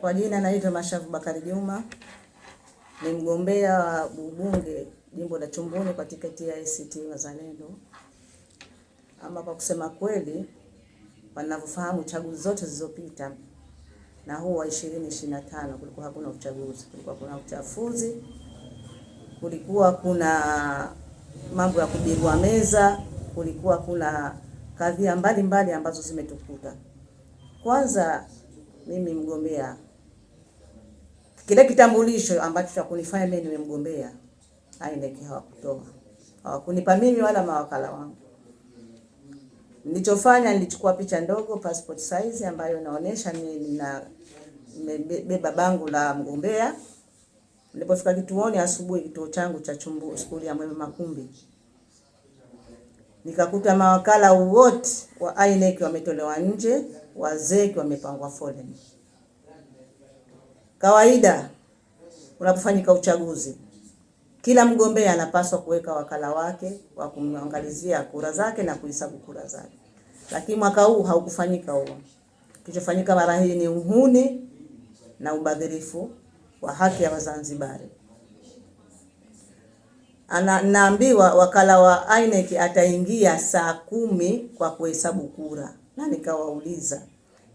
Kwa jina naitwa Mashavu Bakari Juma, ni mgombea wa ubunge jimbo la Chumbuni kwa tiketi ya ACT Wazalendo. Ama kwa kusema kweli, wanavyofahamu chaguzi zote zilizopita na huu wa ishirini kulikuwa hakuna uchaguzi, kulikuwa kuna uchafuzi, kulikuwa kuna mambo ya kubirua meza, kulikuwa kuna kadhia mbalimbali ambazo zimetukuta kwanza mimi mgombea, kile kitambulisho ambacho cha kunifanya mimi niwe mgombea INEC hawakutoa, hawakunipa mimi wala mawakala wangu. Nilichofanya, nilichukua picha ndogo passport size ambayo inaonyesha beba bangu la mgombea. Nilipofika kituoni asubuhi, kituo changu cha Chumbu, skuli ya Mwema Makumbi, nikakuta mawakala wote wa INEC wametolewa nje wazee wamepangwa foleni. Kawaida unapofanyika uchaguzi, kila mgombea anapaswa kuweka wakala wake wa kumwangalizia kura zake na kuhesabu kura zake, lakini mwaka huu haukufanyika huo. Kilichofanyika mara hii ni uhuni na ubadhirifu wa haki ya Wazanzibari. Ana, naambiwa wakala wa INEC ataingia saa kumi kwa kuhesabu kura na nikawauliza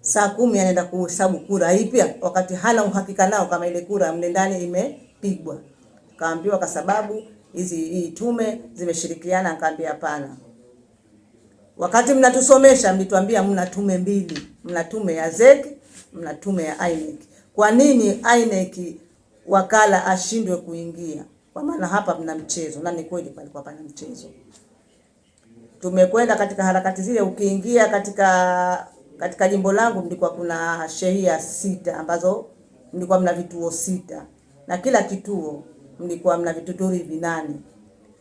saa kumi anaenda kuhesabu kura ipya, wakati hana uhakika nao kama ile kura mle ndani imepigwa. Kaambiwa kwa sababu hizi hii tume zimeshirikiana. Nikaambia hapana, wakati mnatusomesha mlituambia mna tume mbili, mna tume ya ZEC, mna tume ya INEC. Kwa nini INEC wakala ashindwe kuingia? Kwa maana hapa mna mchezo, na ni kweli palikuwa pana mchezo tumekwenda katika harakati zile. Ukiingia katika katika jimbo langu mlikuwa kuna shehia sita ambazo mlikuwa mna vituo sita na kila kituo mlikuwa mna vituturi vinane.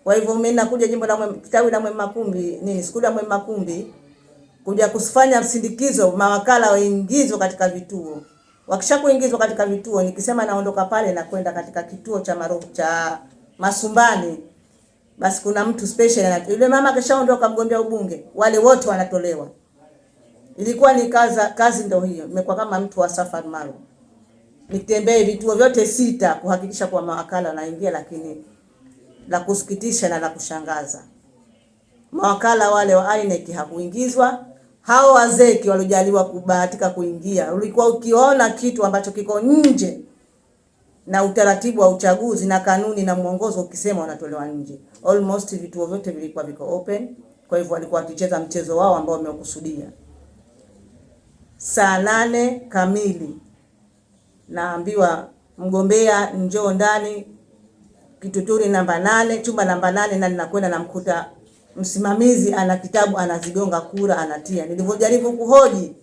Kwa hivyo mimi nakuja jimbo la kitawi la Mwema Makumbi nini siku ya Mwema Makumbi kuja kufanya msindikizo, mawakala waingizwe katika vituo. Wakisha kuingizwa katika vituo, nikisema naondoka pale na kwenda katika kituo cha maro, cha Masumbani basi kuna mtu special. Yule mama akishaondoka mgombea ubunge, wale wote wanatolewa. Ilikuwa ni kaza, kazi ndio hiyo. Nimekuwa kama mtu wa safari maalum, nitembee vituo vyote sita kuhakikisha kwa mawakala naingia, lakini la kusikitisha na la kushangaza, mawakala wale wa INEC hakuingizwa. Hao wazeki waliojaliwa kubahatika kuingia, ulikuwa ukiona kitu ambacho kiko nje na utaratibu wa uchaguzi na kanuni na mwongozo ukisema wanatolewa nje. Almost vituo vyote vilikuwa viko open, kwa hivyo walikuwa wakicheza mchezo wao ambao wamekusudia. Saa nane kamili naambiwa mgombea, njoo ndani kituturi namba nane, chumba namba nane, na ninakwenda namkuta msimamizi ana kitabu anazigonga kura anatia. Nilivyojaribu kuhoji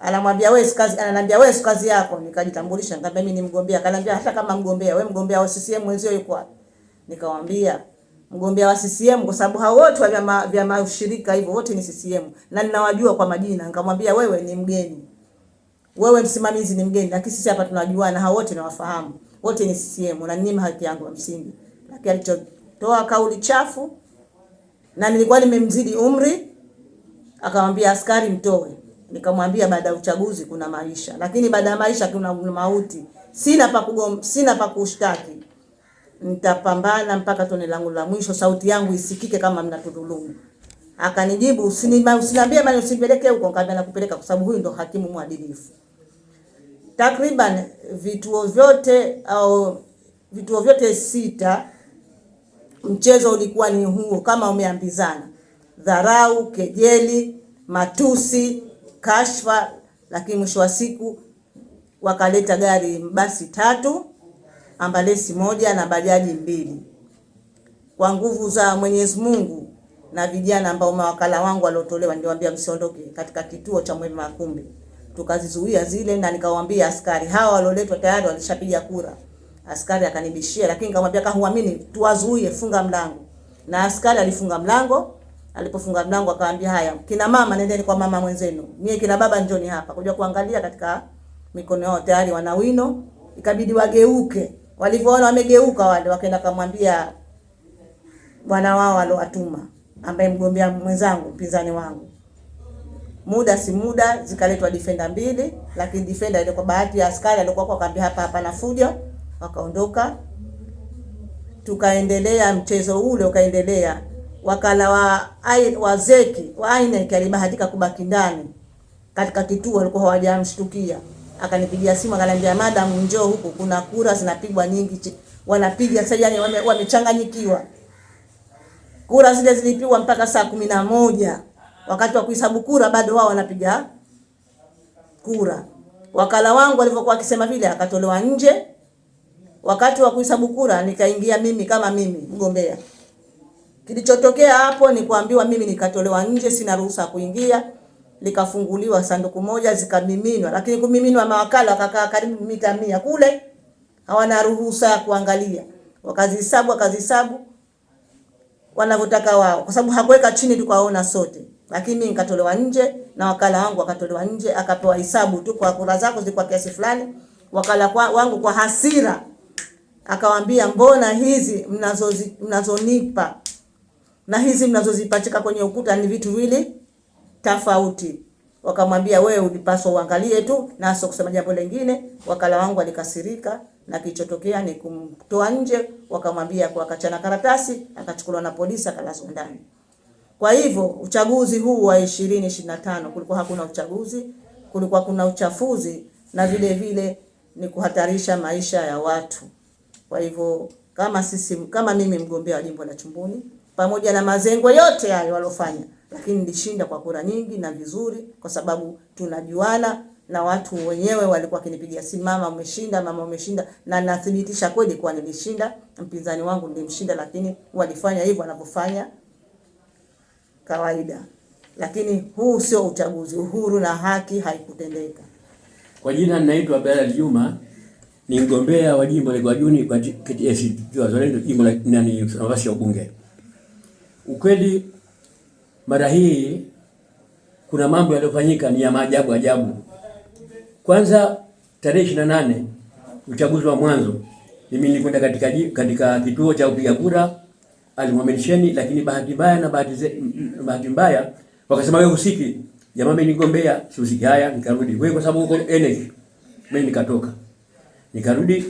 Anamwambia wewe kazi, ananiambia wewe kazi yako. Nikajitambulisha, nikamwambia mimi ni mgombea. Kananiambia hata kama mgombea, wewe mgombea wa CCM mwenzio yuko wapi? Nikamwambia mgombea wa CCM kwa sababu hao wote wa vyama vya mashirika hivyo wote ni CCM na ninawajua kwa majina. Nikamwambia wewe ni mgeni. Wewe msimamizi ni mgeni, lakini sisi hapa tunajuana, hao wote nawafahamu. Wote ni CCM na ninyima haki yangu ya msingi. Lakini alichotoa kauli chafu na nilikuwa nimemzidi umri, akamwambia askari mtoe nikamwambia baada ya uchaguzi kuna maisha, lakini baada ya maisha kuna mauti. Sina pa kugom, sina pa kushtaki, nitapambana mpaka tone langu la mwisho, sauti yangu isikike kama mnatudhulumu. Akanijibu, usiniambie bali usipeleke huko. Nikamwambia nakupeleka kwa sababu huyu ndo hakimu mwadilifu. Takriban vituo vyote au vituo vyote sita, mchezo ulikuwa ni huo kama umeambizana: dharau, kejeli, matusi kashfa, lakini mwisho wa siku wakaleta gari basi tatu, ambalesi moja na bajaji mbili. Kwa nguvu za Mwenyezi Mungu na vijana ambao mawakala wangu waliotolewa, niliwaambia msiondoke katika kituo cha Mwema Makumbi, tukazizuia zile, na nikawaambia askari hawa walioletwa tayari walishapiga kura. Askari akanibishia, lakini nikamwambia, huamini, tuwazuie, funga mlango, na askari alifunga mlango Alipofunga mlango akawaambia, haya kina mama nendeni kwa mama mwenzenu, mie kina baba njoni hapa. Kuja kuangalia katika mikono yao tayari wana wino, ikabidi wageuke. Walivyoona wamegeuka wale, wakaenda kumwambia bwana wao aliowatuma, ambaye mgombea mwenzangu, mpinzani wangu. Muda si muda zikaletwa defender mbili, lakini defender ile kwa bahati ya askari alikuwa kwa kambi hapa hapa na fujo, wakaondoka. Tukaendelea mchezo ule ukaendelea wakala wa wa zeki wa INEC alibahatika kubaki ndani katika kituo, walikuwa hawajamshtukia. Akanipigia simu akaniambia, madam, njoo huku, kuna kura zinapigwa nyingi, wanapiga sasa. Yani wamechanganyikiwa, wame kura zile zilipigwa mpaka saa kumi na moja wakati wa kuhesabu kura bado wao wanapiga kura. Wakala wangu alivyokuwa akisema vile, akatolewa nje. Wakati wa kuhesabu kura nikaingia mimi kama mimi mgombea. Kilichotokea hapo ni kuambiwa mimi nikatolewa nje, sina ruhusa kuingia, likafunguliwa sanduku moja, zikamiminwa. Lakini kumiminwa, mawakala wakakaa karibu mita mia kule, hawana ruhusa ya kuangalia, wakazihesabu wakazihesabu wanavyotaka wao, kwa sababu hakuweka chini, tukaona sote. Lakini nikatolewa nje na wakala wangu akatolewa nje, akapewa hisabu tu, kwa kura zako zilikuwa kiasi fulani. Wakala kwa, wangu kwa hasira akawambia, mbona hizi mnazonipa mnazo na hizi mnazozipachika kwenye ukuta ni vitu vile tofauti. Wakamwambia, wewe ulipaswa uangalie tu na sio kusema jambo lingine. Wakala wangu alikasirika na kilichotokea ni kumtoa nje, wakamwambia kwa, kachana karatasi, akachukuliwa na polisi, akalazwa ndani. Kwa hivyo uchaguzi huu wa 2025 kulikuwa hakuna uchaguzi, kulikuwa kuna uchafuzi na vile vile ni kuhatarisha maisha ya watu. Kwa hivyo kama sisi, kama mimi mgombea wa jimbo la Chumbuni pamoja na mazengo yote yale walofanya, lakini nilishinda kwa kura nyingi na vizuri, kwa sababu tunajuana na watu wenyewe walikuwa wakinipigia simu, mama umeshinda, mama umeshinda, na nathibitisha kweli kuwa nilishinda. Mpinzani wangu nilimshinda, lakini walifanya hivyo wanavyofanya kawaida, lakini huu sio uchaguzi. Uhuru na haki haikutendeka. Kwa jina ninaitwa Abdalla Juma, ni mgombea wa jimbo la Gwajuni kwa KCT Wazalendo, jimbo la nani, nafasi ya ubunge. Ukweli mara hii kuna mambo yaliyofanyika ni ya maajabu ajabu. Kwanza tarehe ishirini na nane uchaguzi wa mwanzo, mimi nilikwenda katika, katika kituo cha upiga kura alimomenisheni, lakini bahati mbaya na bahati mbaya wakasema wewe husiki. Jamaa mimi nigombea usiki. Haya, nikarudi wewe, kwa sababu uko energy, Mimi nikatoka nikarudi,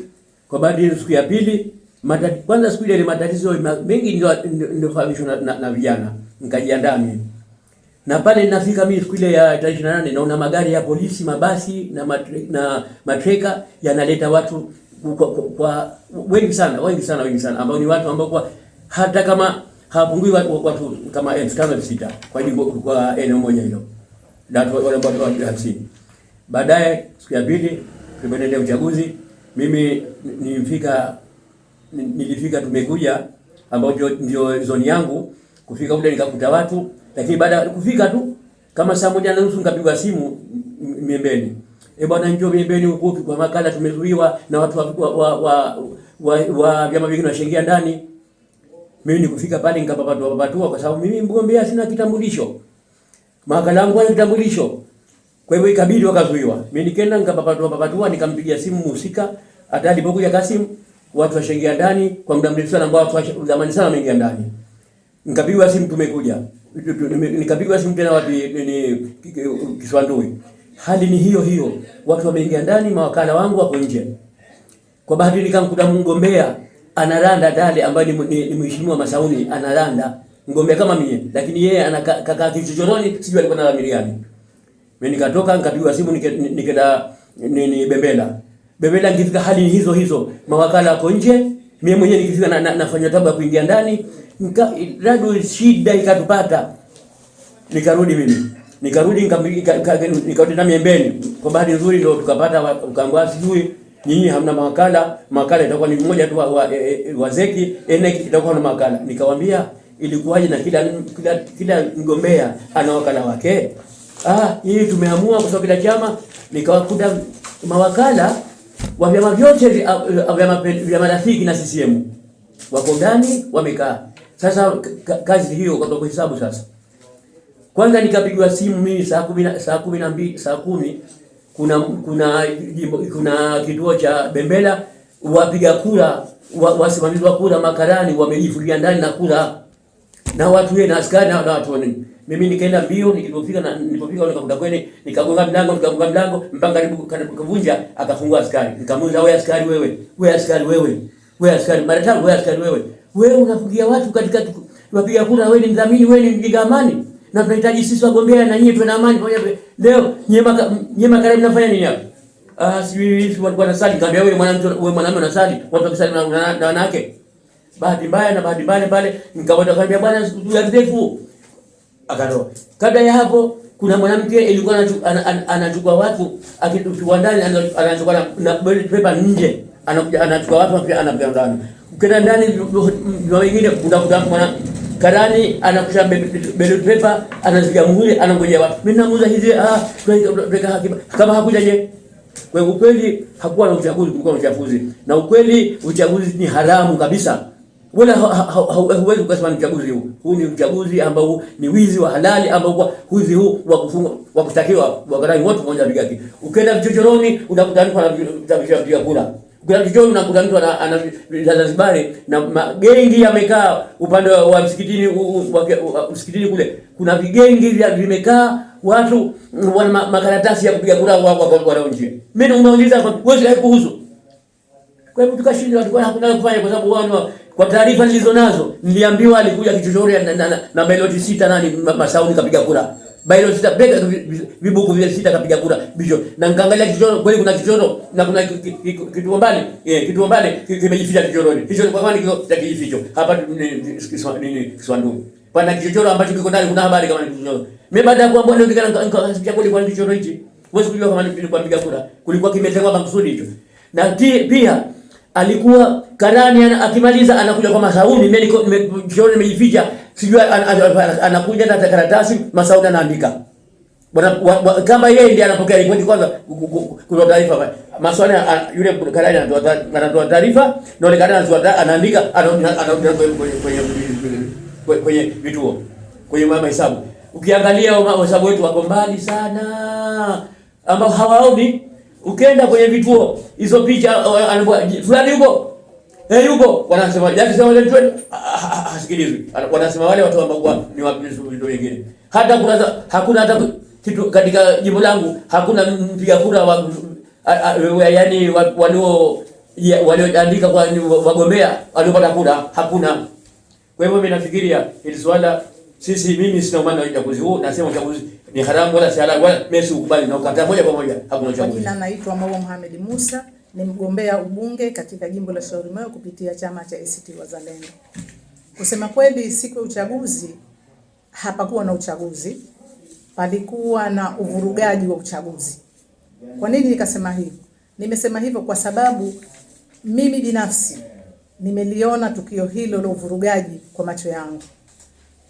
kwa baadhi ya siku ya pili matatizo. Kwanza siku ile ile matatizo mengi ndio ndio na, na, na vijana nikajiandaa mimi. Na pale ninafika mimi siku ile ya 28 naona magari ya polisi, mabasi na matre, na matreka yanaleta watu kwa, kwa, kwa wengi sana, wengi sana, wengi sana ambao ni watu ambao kwa hata kama hawapungui watu, watu kama elfu tano elfu sita kwa ajili kwa eneo moja hilo. Watu wale ambao watu 50. Baadaye siku ya pili tulipoenda uchaguzi mimi nilifika nilifika tumekuja, ambao ndio zoni yangu. Kufika kule nikakuta watu, lakini baada ya kufika tu kama saa moja na nusu nikapigwa simu Miembeni, e bwana, njoo Miembeni huko kwa makala, tumezuiwa na watu wa wa wa, wa, wa wa vyama vingi washaingia ndani. Mimi nikufika pale nikapapatua papatua, kwa sababu mimi mgombea sina kitambulisho, makala yangu ni kitambulisho. Kwa hivyo ikabidi wakazuiwa. Mimi nikaenda nikapapatua papatua, nikampigia simu mhusika, hata alipokuja kasimu watu washaingia ndani kwa muda mrefu sana, ambao watu wa zamani sana wameingia ndani. Nikapigwa simu, tumekuja. Nikapigwa simu tena, wapi ni Kiswandui, hali ni hiyo hiyo, watu wameingia ndani, mawakala wangu wako nje. Kwa bahati nikamkuta mgombea anaranda dale, ambaye ni, ni, ni mheshimiwa Masauni anaranda mgombea kama mimi, lakini yeye ana kaka kichochoroni, sijui alikuwa na gani. Mimi nikatoka nikapigwa simu, nikaenda nini Bembela Bebela nikifika hali ni hizo hizo, mawakala wako nje, mimi mwenyewe nikifika na, na, nafanya tabu ya kuingia ndani, radu shida ikatupata, nikarudi mimi nikarudi nikarudi na miembeni. Kwa bahati nzuri ndio tukapata ukangwa, sijui nyinyi hamna mawakala, mawakala itakuwa ni mmoja tu wa, e, e wazeki ene itakuwa na mawakala. Nikamwambia ilikuwaje? na kila kila, kila mgombea ana wakala wake. Ah, hii tumeamua kwa sababu kila chama nikawakuta mawakala wa vyama vyote vya uh, marafiki na CCM wako ndani wamekaa. Sasa kazi hiyo kwa kuhesabu sasa. Kwanza nikapigwa simu mimi saa kumi na saa kumi na mbili saa kumi kuna kuna kuna kituo cha Bembela wapiga kura wasimamizi wa kura makarani wamejifulia ndani na kura na watu na askari na watu mimi nikaenda mbio, nilipofika na nilipofika nikakuta kwene, nikagonga mlango, nikagonga mlango mpaka karibu kavunja, akafungua askari. Nikamuuliza, wewe askari wewe, wewe askari wewe, wewe askari mara tano, wewe askari wewe, wewe unafungia watu katika tupiga kura, wewe ni mdhamini, wewe ni mpiga amani, na tunahitaji sisi wagombea na nyinyi tuwe na amani pamoja. Leo nyema nyema karibu nafanya nini hapa? Ah, si sisi walikuwa nasali, nikamwambia wewe mwanamke, wewe mwanamume unasali, watu wakisali na wanawake. Bahati mbaya na bahati mbaya pale, nikawaambia bwana, siku ya ndefu akaoa. Kabla ya hapo, kuna mwanamke ilikuwa anachukua watu akitupiwa ndani, anachukua na pepa nje, anachukua watu pia anapiga ndani. Ukienda ndani na wengine kutafuta mwana karani anakusha bele paper anaziga muhuri anangojea watu. Mimi namuuza hizi ah tuweka hakiba. Kama hakuja je? Kwa ukweli hakuwa na uchaguzi, kulikuwa na uchaguzi. Na ukweli uchaguzi ni haramu kabisa wala huwezi kusema ni uchaguzi huu. Huu ni uchaguzi ambao ni wizi wa halali, ambao kwa wizi huu wa kufunga wa kutakiwa kushtakiwa wakarai wote moja bigaki. Ukienda vichochoroni unakuta mtu anavishia vya kula, ukienda vichochoroni unakuta mtu ana Zanzibar na magengi yamekaa upande wa msikitini, msikitini kule kuna vigengi vya vimekaa watu wana makaratasi ya kupiga kura wao kwa kwa nje. Mimi nimeuliza kwa wewe kuhusu kwa hivyo tukashinda, watu hakuna kufanya kwa sababu wao kwa taarifa nilizo nazo niliambiwa alikuja kichochoro na, na, na na bailoti sita nani Masauni kapiga kura. Bailoti sita bega vibuku vile sita kapiga kura bicho. Na nikaangalia kichochoro kweli kuna kichochoro na kuna kitu mbali. Eh, kitu mbali kimejificha kichochoroni. Hicho kwa kwani kiko cha kijificho. Hapa nini Kiswandu. Pana kichochoro ambacho kiko ndani kuna habari kama ni kichochoro. Mimi baada ya kuambia ndio kana nikasikia kweli kwa kichochoro hichi. Wewe sikujua kama ni kwa kura. Kulikuwa kimetengwa kwa kusudi hicho. Na pia alikuwa karani ana, akimaliza anakuja kwa Masauni. Mimi niko nimejiona nimejificha, sijui anakuja na karatasi Masauni anaandika bwana, kama yeye ndiye anapokea ripoti kwanza kutoa taarifa. Masauni yule karani anatoa taarifa na yule karani anaandika, anaandika kwenye kwenye vituo kwenye mama hesabu. Ukiangalia hesabu wetu wako mbali sana, ambao hawaoni Ukienda kwenye vituo hizo picha uh, fulani yuko eh, yuko wanasema yake sema ile twende, ah, ah, ah, asikilizwe. Wanasema wale watu ambao ni wapenzi wa ndio wengine. Hata kuna hakuna hata kitu katika jimbo langu hakuna mpiga kura wa yaani walio walioandika kwa wagombea waliopata kura hakuna. Kwa hivyo mimi nafikiria hili swala, sisi mimi sina maana ya uchaguzi huu, nasema uchaguzi ni haramu wala si haramu wala mimi sikubali na ukata moja kwa moja, hakuna cha. Jina naitwa Mwao Mohamed Musa, ni mgombea ubunge katika jimbo la Shauri Moyo kupitia chama cha ACT Wazalendo. Kusema kweli, siku ya uchaguzi hapakuwa na uchaguzi, palikuwa na uvurugaji wa uchaguzi. Kwa nini nikasema hivyo? Nimesema hivyo kwa sababu mimi binafsi nimeliona tukio hilo la uvurugaji kwa macho yangu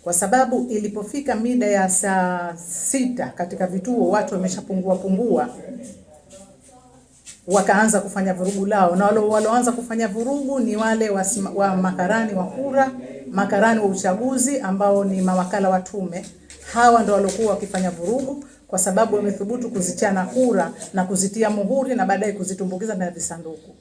kwa sababu ilipofika mida ya saa sita katika vituo watu wameshapungua pungua, wakaanza kufanya vurugu lao, na walioanza kufanya vurugu ni wale wa, wa makarani wa kura, makarani wa uchaguzi ambao ni mawakala wa tume. Hawa ndo waliokuwa wakifanya vurugu kwa sababu wamethubutu kuzichana kura na kuzitia muhuri na baadaye kuzitumbukiza na visanduku.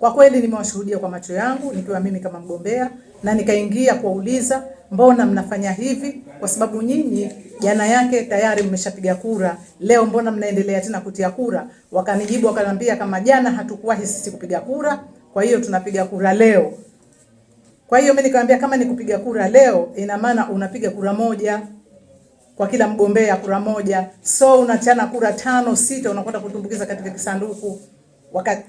Kwa kweli nimewashuhudia kwa macho yangu nikiwa mimi kama mgombea na nikaingia kuwauliza mbona mnafanya hivi, kwa sababu nyinyi jana yake tayari mmeshapiga kura, leo mbona mnaendelea tena kutia kura? Wakanijibu wakaniambia kama jana hatukuwahi sisi kupiga kura, kwa hiyo tunapiga kura leo. Kwa hiyo mimi nikamwambia kama ni kupiga kura leo, ina maana unapiga kura moja kwa kila mgombea kura moja, so unachana kura tano sita, unakwenda kutumbukiza katika kisanduku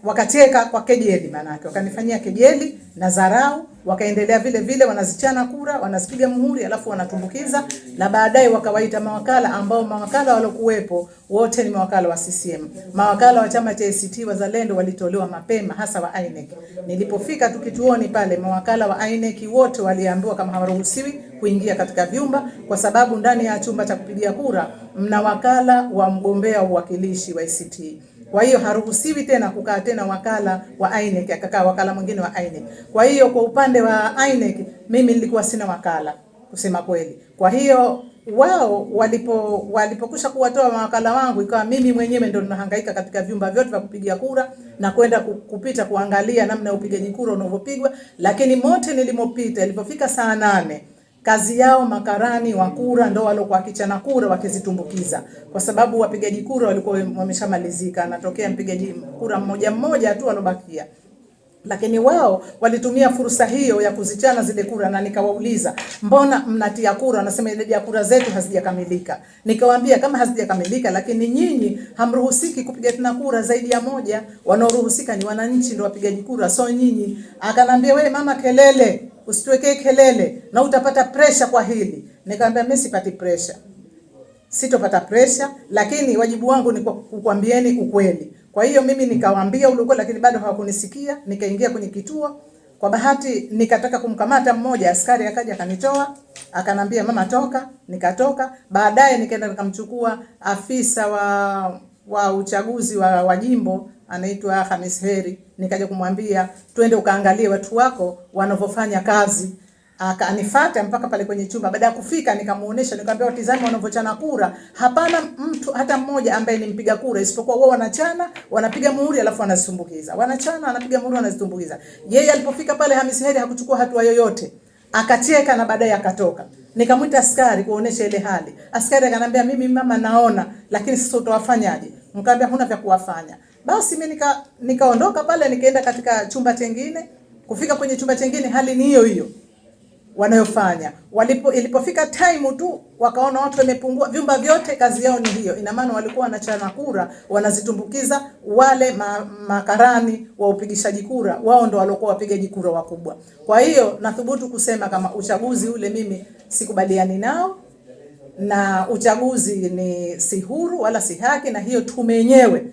wakateka kwa kejeli, maana yake wakanifanyia kejeli na dharau, wakaendelea vile vile, wanazichana kura, wanazipiga muhuri, alafu wanatumbukiza, na baadaye wakawaita mawakala ambao mawakala walokuwepo wote ni mawakala wa CCM. Mawakala wa chama cha ACT Wazalendo walitolewa mapema, hasa wa INEC. Nilipofika tu kituoni pale, mawakala wa INEC wote waliambiwa kama hawaruhusiwi kuingia katika vyumba, kwa sababu ndani ya chumba cha kupigia kura mna wakala wa mgombea uwakilishi wa ACT kwa hiyo haruhusiwi tena kukaa tena wakala wa INEC akakaa wakala mwingine wa INEC. Kwa hiyo kwa upande wa INEC mimi nilikuwa sina wakala kusema kweli. Kwa hiyo wao walipo walipokusha kuwatoa mawakala wangu, ikawa mimi mwenyewe ndo ninahangaika katika vyumba vyote vya kupigia kura na kwenda kupita kuangalia namna upigaji kura unavyopigwa, lakini mote nilimopita ilipofika saa nane kazi yao makarani wa kura ndo walikuwa wakichana kura wakizitumbukiza, kwa sababu wapigaji kura walikuwa wameshamalizika, anatokea mpigaji kura mmoja mmoja tu alobakia lakini wao walitumia fursa hiyo ya kuzichana zile kura, na nikawauliza mbona mnatia kura? Wanasema idadi ya kura zetu hazijakamilika. Nikawaambia kama hazijakamilika, lakini nyinyi hamruhusiki kupiga tena kura zaidi ya moja, wanaoruhusika ni wananchi, ndio wapigaji kura, so nyinyi. Akanambia wewe mama, kelele usituwekee kelele na utapata presha kwa hili. Nikamwambia mimi sipati presha sitopata presha, lakini wajibu wangu ni kukwambieni ukweli. Kwa hiyo mimi nikawaambia ule ukweli, lakini bado hawakunisikia. Nikaingia kwenye kituo, kwa bahati nikataka kumkamata mmoja, askari akaja akanitoa, akanambia mama, toka. Nikatoka. Baadaye nikaenda nikamchukua afisa wa wa uchaguzi wa, wa jimbo anaitwa Hamis Heri, nikaja kumwambia twende ukaangalie watu wako wanavyofanya kazi akanifuata mpaka pale kwenye chumba. Baada ya kufika, nikamuonesha nikamwambia, watizame wanavyochana kura. Hapana mtu hata mmoja ambaye ni mpiga kura, isipokuwa wao wanachana, wanapiga muhuri alafu wanazitumbukiza, wanachana, wanapiga muhuri, wanazitumbukiza. Yeye alipofika pale, Hamisi Heri hakuchukua hatua yoyote, akacheka na baadaye akatoka. Nikamwita askari kuonesha ile hali. Askari akanambia, mimi mama naona, lakini sasa utawafanyaje? Nikamwambia huna vya kuwafanya. Basi mimi nikaondoka, nika pale, nikaenda katika chumba chengine. Kufika kwenye chumba chengine, hali ni hiyo hiyo wanayofanya. Walipo ilipofika time tu wakaona watu wamepungua vyumba vyote, kazi yao ni hiyo. Ina maana walikuwa wanachana kura wanazitumbukiza wale ma, makarani wa upigishaji kura, wao ndo waliokuwa wapigaji kura wakubwa. Kwa hiyo nathubutu kusema kama uchaguzi ule mimi sikubaliani nao na uchaguzi ni si huru wala si haki, na hiyo tume yenyewe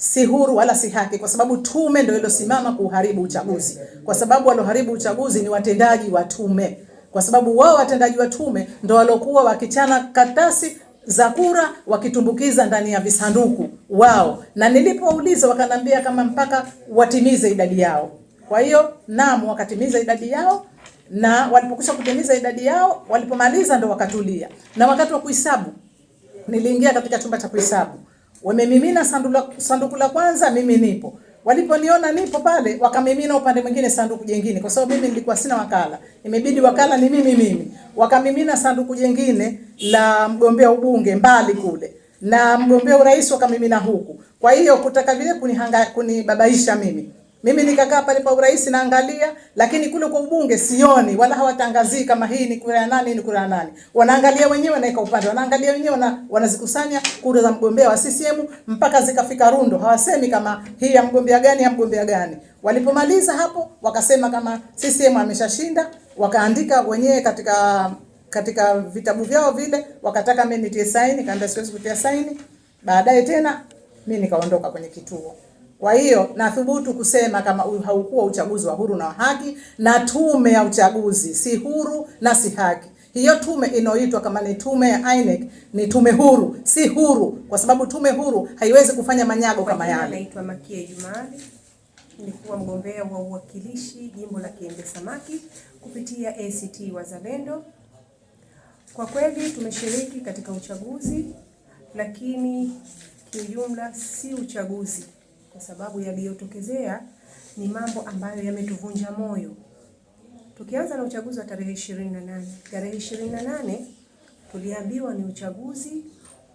si huru wala si haki, kwa sababu tume ndio ilosimama kuharibu uchaguzi, kwa sababu waloharibu uchaguzi ni watendaji wa tume, kwa sababu wao watendaji wa tume ndio walokuwa wakichana katasi za kura wakitumbukiza ndani ya visanduku wao, na nilipouliza wakanambia kama mpaka watimize idadi yao. Kwa hiyo naam, wakatimiza idadi yao, na walipokwisha kutimiza idadi yao, walipomaliza ndo wakatulia, na wakati wa kuhesabu niliingia katika chumba cha kuhesabu Wamemimina sanduku la kwanza, mimi nipo. Waliponiona nipo pale, wakamimina upande mwingine sanduku jingine, kwa sababu mimi nilikuwa sina wakala, imebidi wakala ni mimi mimi. Wakamimina sanduku jingine la mgombea ubunge mbali kule, na mgombea urais wakamimina huku. Kwa hiyo kutaka vile kunihanga kunibabaisha mimi mimi nikakaa pale pa urais naangalia, lakini kule kwa ubunge sioni, wala hawatangazii kama hii ni kura ya nani, ni kura ya nani. Wanaangalia wenyewe, na ika upande, wanaangalia wenyewe, na wanazikusanya kura za mgombea wa CCM mpaka zikafika rundo, hawasemi kama hii ya mgombea gani, ya mgombea gani. Walipomaliza hapo, wakasema kama CCM ameshashinda, wakaandika wenyewe katika katika vitabu vyao vile, wakataka mimi nitie saini, kaambia siwezi kutia saini. Baadaye tena mimi nikaondoka kwenye kituo. Kwa hiyo nathubutu kusema kama haukuwa uchaguzi wa huru na wa haki, na tume ya uchaguzi si huru na si haki. Hiyo tume inayoitwa kama ni tume ya INEC ni tume huru, si huru, kwa sababu tume huru haiwezi kufanya manyago kama yale. Naitwa Makia Jumali, nilikuwa mgombea wa uwakilishi jimbo la Kiembe Samaki kupitia ACT Wazalendo. Kwa kweli tumeshiriki katika uchaguzi, lakini kiujumla si uchaguzi kwa sababu yaliyotokezea ni mambo ambayo yametuvunja moyo. Tukianza na uchaguzi wa tarehe 28. Tarehe 28 tuliambiwa ni uchaguzi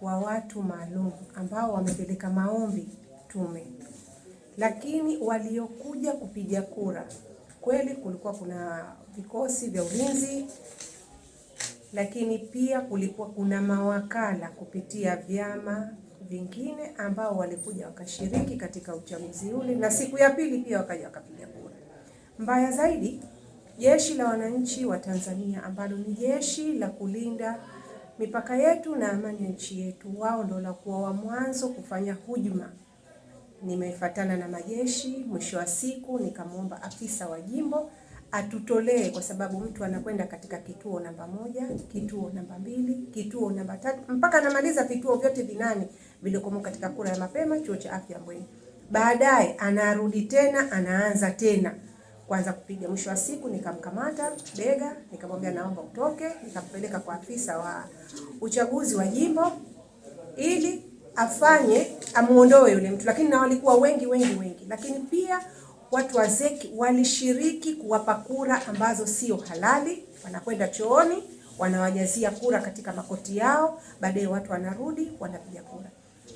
wa watu maalum ambao wamepeleka maombi tume, lakini waliokuja kupiga kura kweli kulikuwa kuna vikosi vya ulinzi, lakini pia kulikuwa kuna mawakala kupitia vyama vingine ambao walikuja wakashiriki katika uchaguzi ule na siku ya pili pia wakaja wakapiga kura. Mbaya zaidi, jeshi la wananchi wa Tanzania ambalo ni jeshi la kulinda mipaka yetu na amani ya nchi yetu, wao ndio la kuwa wa mwanzo kufanya hujuma. Nimefatana na majeshi, mwisho wa siku nikamwomba afisa wa jimbo atutolee kwa sababu mtu anakwenda katika kituo namba moja, kituo namba mbili, kituo namba tatu, mpaka anamaliza vituo vyote vinane vilikomo katika kura ya mapema chuo cha afya Mbweni. Baadaye anarudi tena, anaanza tena kwanza kupiga. Mwisho wa siku nikamkamata bega, nikamwambia naomba utoke, nikampeleka kwa afisa wa uchaguzi wa jimbo ili afanye amuondoe yule mtu, lakini na walikuwa wengi wengi wengi, lakini pia watu wa zeki walishiriki kuwapa kura ambazo sio halali. Wanakwenda chooni wanawajazia kura katika makoti yao, baadaye watu wanarudi wanapiga kura.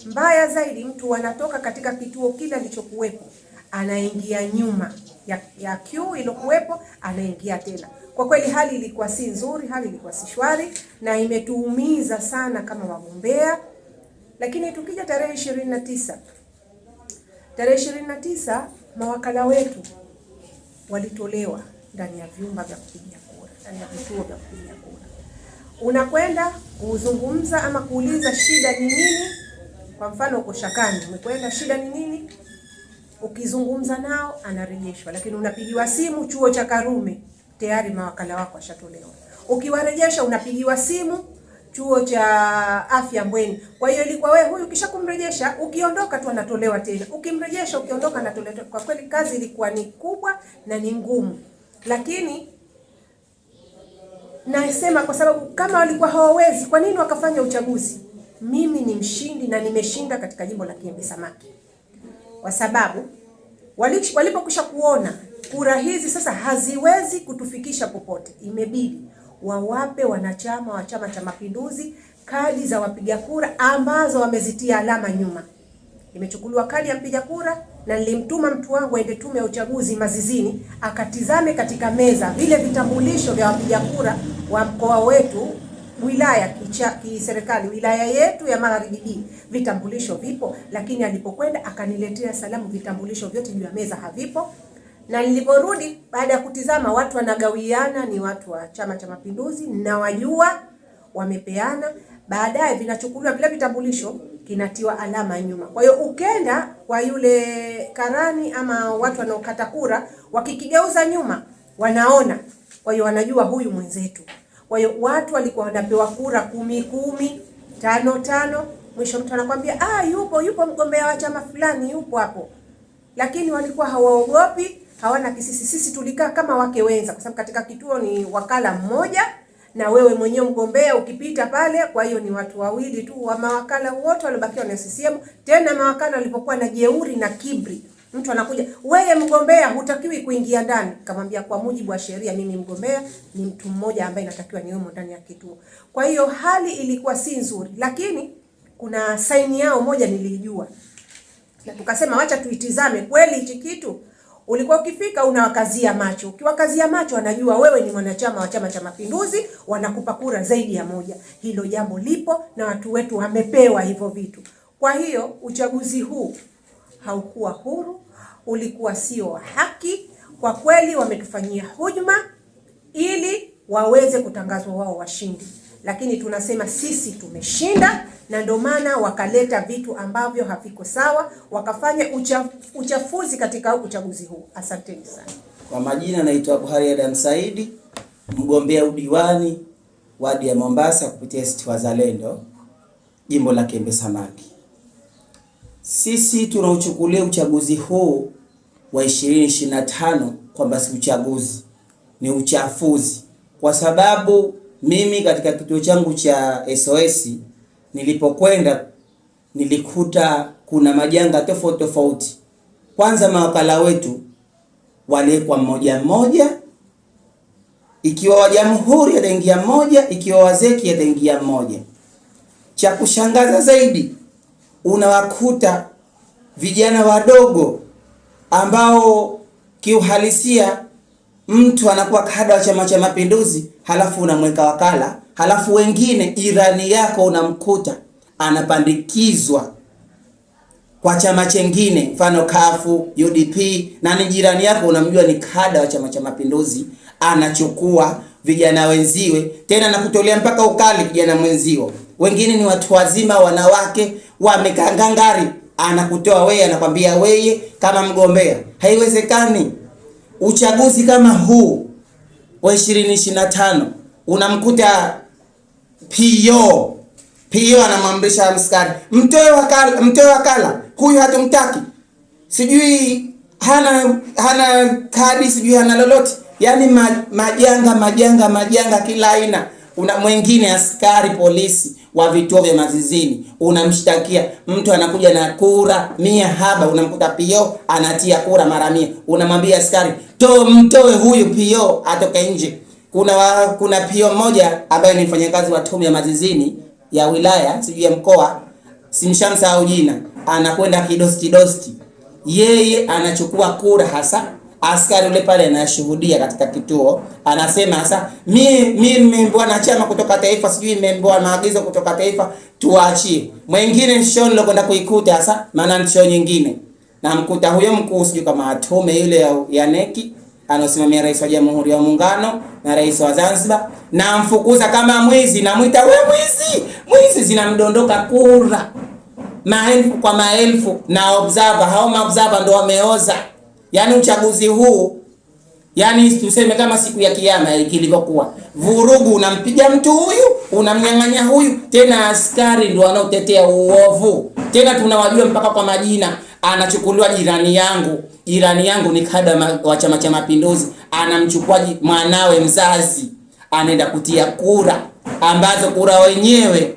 Mbaya zaidi, mtu anatoka katika kituo kile alichokuwepo, anaingia nyuma ya, ya queue ilokuwepo, anaingia tena. Kwa kweli hali ilikuwa si nzuri, hali ilikuwa si shwari na imetuumiza sana kama wagombea. Lakini tukija tarehe ishirini na tisa tarehe ishirini na tisa mawakala wetu walitolewa ndani ya vyumba vya kupigia kura, ndani ya vituo vya kupigia kura, unakwenda kuzungumza ama kuuliza shida ni nini kwa mfano uko Shakani, umekwenda, shida ni nini? Ukizungumza nao anarejeshwa, lakini unapigiwa simu chuo cha Karume, tayari mawakala wako washatolewa. Ukiwarejesha unapigiwa simu chuo cha afya Mbweni. Kwa hiyo ilikuwa wewe huyu, kisha kumrejesha, ukiondoka tu anatolewa tena, ukimrejesha, ukiondoka anatolewa. Kwa kweli kazi ilikuwa ni kubwa na ni ngumu, lakini nasema kwa sababu kama walikuwa hawawezi, kwa nini wakafanya uchaguzi? mimi ni mshindi na nimeshinda katika jimbo la Kiembe Samaki, kwa sababu walipokwisha kuona kura hizi sasa haziwezi kutufikisha popote, imebidi wawape wanachama wa Chama cha Mapinduzi kadi za wapiga kura ambazo wamezitia alama nyuma. imechukuliwa kadi ya mpiga kura na nilimtuma mtu wangu aende tume ya uchaguzi Mazizini akatizame katika meza vile vitambulisho vya wapiga kura wa mkoa wetu wilaya kiserikali, wilaya yetu ya Magharibi D vitambulisho vipo, lakini alipokwenda akaniletea salamu, vitambulisho vyote juu ya meza havipo. Na niliporudi baada ya kutizama, watu wanagawiana, ni watu wa Chama cha Mapinduzi, nawajua, wamepeana. Baadaye vinachukuliwa vile vitambulisho, kinatiwa alama nyuma. Kwa hiyo ukenda kwa yule karani ama watu wanaokata kura, wakikigeuza nyuma wanaona, kwa hiyo wanajua huyu mwenzetu kwa hiyo watu walikuwa wanapewa kura kumi kumi, tano tano. Mwisho mtu anakwambia ah, yupo yupo mgombea wa chama fulani yupo hapo, lakini walikuwa hawaogopi, hawana kisisi. Sisi tulikaa kama wake wenza, kwa sababu katika kituo ni wakala mmoja na wewe mwenyewe mgombea ukipita pale. Kwa hiyo ni watu wawili tu wa mawakala, wote waliobakiwa na CCM. Tena mawakala walipokuwa na jeuri na kibri Mtu anakuja, wewe mgombea hutakiwi kuingia ndani. Kamwambia kwa mujibu wa sheria, mimi mgombea ni mtu mmoja ambaye natakiwa niwemo ndani ya kituo. Kwa hiyo hali ilikuwa si nzuri, lakini kuna saini yao moja nilijua, na tukasema wacha tuitizame kweli hichi kitu. Ulikuwa ukifika unawakazia macho, ukiwakazia macho anajua wewe ni mwanachama wa Chama cha Mapinduzi, wanakupa kura zaidi ya moja. Hilo jambo lipo na watu wetu wamepewa hivyo vitu. Kwa hiyo uchaguzi huu haukuwa huru, ulikuwa sio wa haki. Kwa kweli wametufanyia hujuma ili waweze kutangazwa wao washindi, lakini tunasema sisi tumeshinda, na ndio maana wakaleta vitu ambavyo haviko sawa, wakafanya uchafuzi katika uchaguzi huu. Asanteni sana. Kwa majina naitwa Buhari Adam Saidi, mgombea udiwani wadi ya Mombasa kupitia ACT Wazalendo jimbo la Kembe Samaki. Sisi tunauchukulia uchaguzi huu wa 2025 kwamba si uchaguzi, ni uchafuzi, kwa sababu mimi katika kituo changu cha SOS nilipokwenda nilikuta kuna majanga tofauti tofauti. Kwanza, mawakala wetu waliwekwa mmoja mmoja, ikiwa wa Jamhuri ataingia mmoja, ikiwa wazeki ataingia mmoja. Cha kushangaza zaidi unawakuta vijana wadogo ambao kiuhalisia mtu anakuwa kada wa Chama cha Mapinduzi, halafu unamweka wakala, halafu wengine jirani yako unamkuta anapandikizwa kwa chama chengine, mfano kafu UDP, na ni jirani yako unamjua ni kada wa Chama cha Mapinduzi, anachukua vijana wenziwe, tena nakutolea mpaka ukali vijana mwenzio, wengine ni watu wazima, wanawake wamekangangari, anakutoa weye, anakwambia weye kama mgombea. Haiwezekani. Uchaguzi kama huu wa 2025 unamkuta PO PO anamwamrisha mskari mtoe wakala, mtoe wakala huyu hatumtaki, sijui hana hana kadi, sijui hana lolote yaani majanga majanga majanga kila aina. Una mwingine askari polisi wa vituo vya mazizini unamshtakia mtu anakuja na kura mia haba, unamkuta pio anatia kura mara mia, unamwambia askari to mtoe huyu pio atoke nje. Kuna wa, kuna pio mmoja ambaye ni mfanyakazi wa tume ya mazizini ya wilaya sijui ya mkoa, simshamsahau jina, anakwenda kidosti dosti, yeye anachukua kura hasa askari yule pale anashuhudia katika kituo anasema, sasa mimi mimi nimeambiwa na chama kutoka taifa, sijui nimeambiwa maagizo kutoka taifa, tuachie mwingine. Show nilo kwenda kuikuta sasa, maana ni nyingine, na mkuta huyo mkuu, sijui kama atume yule ya ya neki anaosimamia rais wa Jamhuri ya Muungano na rais wa Zanzibar, na mfukuza kama mwizi, namwita we mwizi. Mwizi zinamdondoka kura maelfu kwa maelfu, na observer hao maobserver ndo wameoza Yaani uchaguzi huu yaani tuseme kama siku ya kiyama kilivyokuwa, vurugu, unampiga mtu huyu, unamnyang'anya huyu, tena askari ndio wanaotetea uovu, tena tunawajua mpaka kwa majina. Anachukuliwa jirani yangu, jirani yangu ni kada wa Chama cha Mapinduzi, anamchukua mwanawe mzazi, anaenda kutia kura ambazo kura wenyewe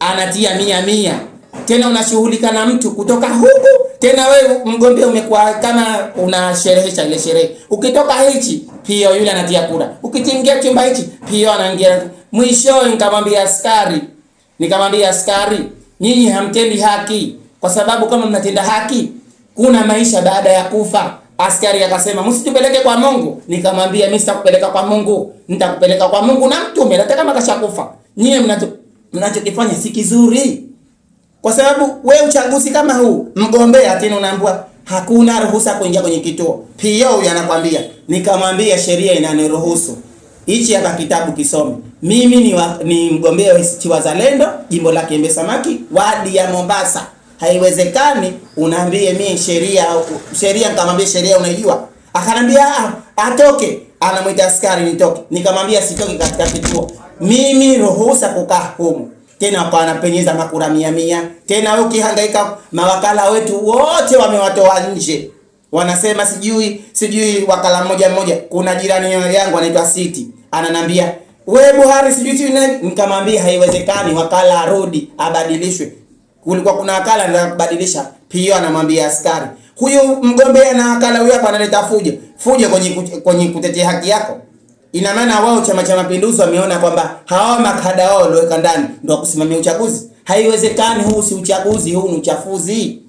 anatia mia mia, tena unashughulika na mtu kutoka huku tena we mgombea umekuwa kama unasherehesha ile sherehe. Ukitoka hichi pia yule anatia kura. Ukitingia chumba hichi pia anaingia. Mwisho nikamwambia askari, nikamwambia askari, nyinyi hamtendi haki kwa sababu kama mnatenda haki kuna maisha baada ya kufa. Askari akasema msitupeleke kwa Mungu. Nikamwambia mimi sitakupeleka kwa Mungu, nitakupeleka kwa Mungu na Mtume, hata kama kashakufa. Nyinyi mnachokifanya si kizuri. Kwa sababu we uchaguzi kama huu mgombea tena unaambiwa hakuna ruhusa kuingia kwenye kituo. Pia huyu anakwambia nikamwambia sheria inaniruhusu. Hichi hapa kitabu kisome. Mimi ni, wa, ni mgombea wa ACT Wazalendo, jimbo la Kiembe Samaki, wadi ya Mombasa. Haiwezekani unaambie mimi sheria sheria, nikamwambia sheria unaijua. Akanambia ah, atoke, anamwita askari nitoke. Nikamwambia sitoki katika kituo. Mimi ruhusa kukaa humu tena kwa anapenyeza makura mia mia. Tena wewe ukihangaika, mawakala wetu wote wamewatoa nje, wanasema sijui sijui, wakala mmoja mmoja. Kuna jirani yangu anaitwa City ananambia we Buhari sijui tu nani, nikamwambia haiwezekani, wakala arudi abadilishwe. Kulikuwa kuna wakala ndio kubadilisha pia, anamwambia askari huyu mgombea na wakala huyo hapa analeta fujo fujo kwenye kwenye kutetea haki yako. Ina maana wao Chama cha Mapinduzi wameona kwamba hawa makada wao walioweka ndani ndio kusimamia uchaguzi. Haiwezekani, huu si uchaguzi, huu ni uchafuzi.